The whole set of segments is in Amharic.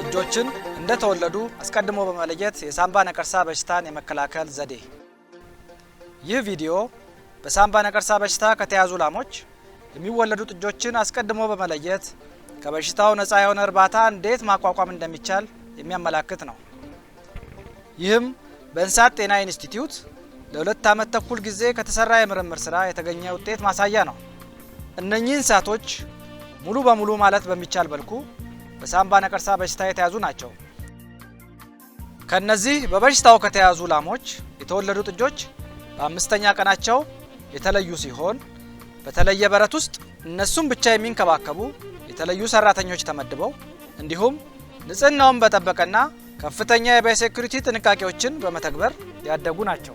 እጆችን እንደተወለዱ አስቀድሞ በመለየት የሳምባ ነቀርሳ በሽታን የመከላከል ዘዴ። ይህ ቪዲዮ በሳምባ ነቀርሳ በሽታ ከተያዙ ላሞች የሚወለዱ ጥጆችን አስቀድሞ በመለየት ከበሽታው ነፃ የሆነ እርባታ እንዴት ማቋቋም እንደሚቻል የሚያመላክት ነው። ይህም በእንስሳት ጤና ኢንስቲትዩት ለሁለት ዓመት ተኩል ጊዜ ከተሰራ የምርምር ስራ የተገኘ ውጤት ማሳያ ነው። እነኚህ እንስሳቶች ሙሉ በሙሉ ማለት በሚቻል መልኩ በሳምባ ነቀርሳ በሽታ የተያዙ ናቸው። ከነዚህ በበሽታው ከተያዙ ላሞች የተወለዱ ጥጆች በአምስተኛ ቀናቸው የተለዩ ሲሆን በተለየ በረት ውስጥ እነሱን ብቻ የሚንከባከቡ የተለዩ ሰራተኞች ተመድበው እንዲሁም ንጽህናውን በጠበቀና ከፍተኛ የባዮሴኩሪቲ ጥንቃቄዎችን በመተግበር ያደጉ ናቸው።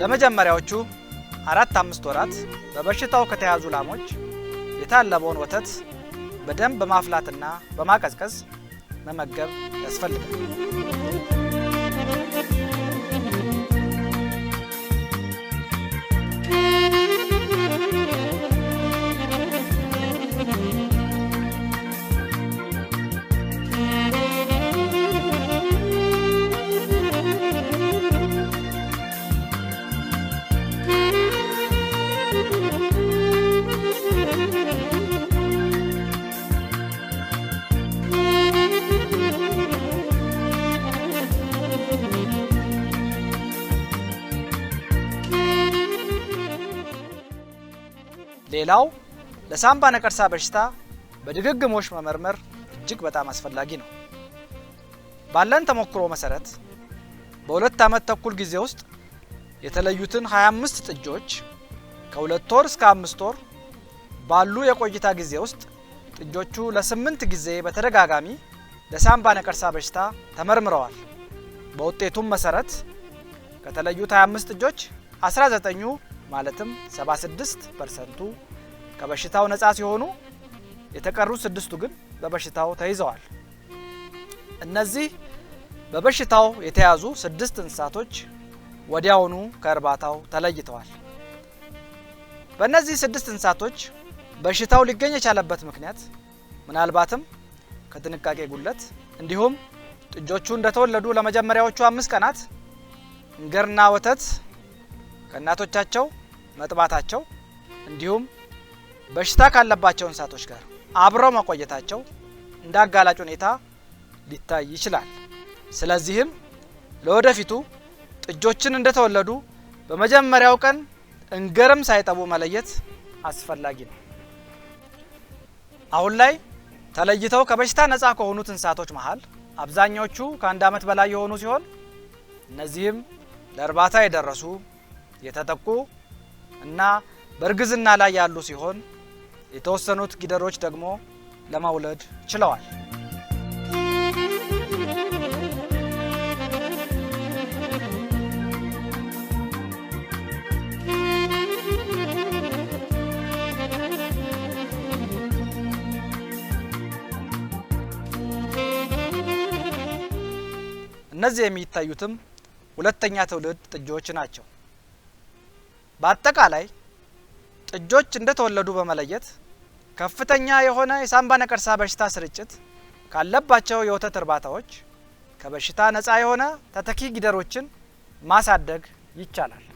ለመጀመሪያዎቹ አራት አምስት ወራት በበሽታው ከተያዙ ላሞች የታለበውን ወተት በደንብ በማፍላትና በማቀዝቀዝ መመገብ ያስፈልጋል። ሌላው ለሳምባ ነቀርሳ በሽታ በድግግሞሽ መመርመር እጅግ በጣም አስፈላጊ ነው። ባለን ተሞክሮ መሰረት በሁለት ዓመት ተኩል ጊዜ ውስጥ የተለዩትን 25 ጥጆች ከሁለት ወር እስከ አምስት ወር ባሉ የቆይታ ጊዜ ውስጥ ጥጆቹ ለስምንት ጊዜ በተደጋጋሚ ለሳምባ ነቀርሳ በሽታ ተመርምረዋል። በውጤቱም መሰረት ከተለዩት 25 ጥጆች 19ኙ ማለትም 76 ፐርሰንቱ ከበሽታው ነጻ ሲሆኑ የተቀሩት ስድስቱ ግን በበሽታው ተይዘዋል። እነዚህ በበሽታው የተያዙ ስድስት እንስሳቶች ወዲያውኑ ከእርባታው ተለይተዋል። በእነዚህ ስድስት እንስሳቶች በሽታው ሊገኝ የቻለበት ምክንያት ምናልባትም ከጥንቃቄ ጉለት እንዲሁም ጥጆቹ እንደተወለዱ ለመጀመሪያዎቹ አምስት ቀናት እንገርና ወተት ከእናቶቻቸው መጥባታቸው እንዲሁም በሽታ ካለባቸው እንስሳቶች ጋር አብረው መቆየታቸው እንደ አጋላጭ ሁኔታ ሊታይ ይችላል። ስለዚህም ለወደፊቱ ጥጆችን እንደተወለዱ በመጀመሪያው ቀን እንገርም ሳይጠቡ መለየት አስፈላጊ ነው። አሁን ላይ ተለይተው ከበሽታ ነፃ ከሆኑት እንስሳቶች መሀል አብዛኛዎቹ ከአንድ ዓመት በላይ የሆኑ ሲሆን እነዚህም ለእርባታ የደረሱ የተጠቁ እና በእርግዝና ላይ ያሉ ሲሆን የተወሰኑት ጊደሮች ደግሞ ለመውለድ ችለዋል። እነዚህ የሚታዩትም ሁለተኛ ትውልድ ጥጆች ናቸው። በአጠቃላይ ጥጆች እንደተወለዱ በመለየት ከፍተኛ የሆነ የሳምባ ነቀርሳ በሽታ ስርጭት ካለባቸው የወተት እርባታዎች ከበሽታ ነፃ የሆነ ተተኪ ጊደሮችን ማሳደግ ይቻላል።